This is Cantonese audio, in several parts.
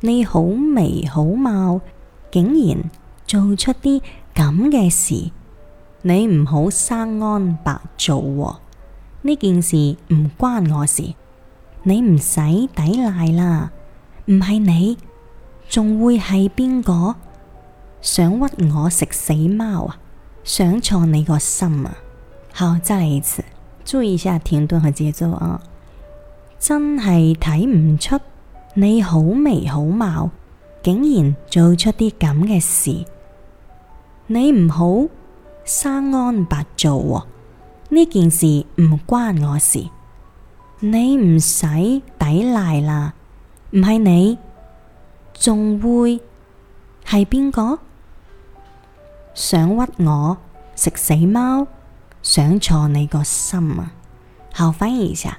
你好眉好貌，竟然做出啲咁嘅事！你唔好生安白造喎，呢件事唔關我事。你唔使抵賴啦，唔係你，仲會係邊個？想屈我食死貓啊？想錯你個心啊！好，再嚟一次，真係注意一下停頓和節奏啊！真係睇唔出。你好眉好貌，竟然做出啲咁嘅事！你唔好生安白造喎，呢件事唔關我事。你唔使抵賴啦，唔係你，仲會係邊個？想屈我，食死貓，想錯你個心啊！好，翻譯一下。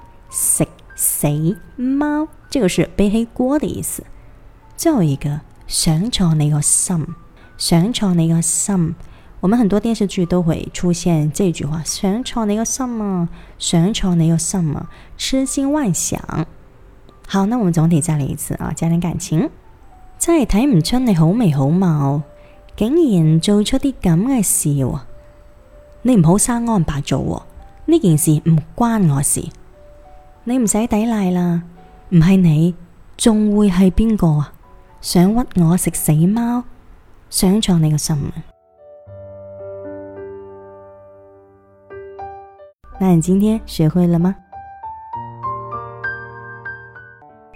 食死貓，即係說背黑鍋的意思。最後一個想錯你個心，想錯你個心。我們很多電視劇都會出現這句話，想錯你個心啊，想錯你個心啊，痴心妄想。好，那我們總體再嚟一次啊，加點感情。真係睇唔出你好眉好貌，竟然做出啲咁嘅事喎。你唔好生安白造喎，呢件事唔關我事。你唔使抵賴啦，唔係你，仲會係邊個啊？想屈我食死貓，想錯你個心。那 你今天學會了嗎？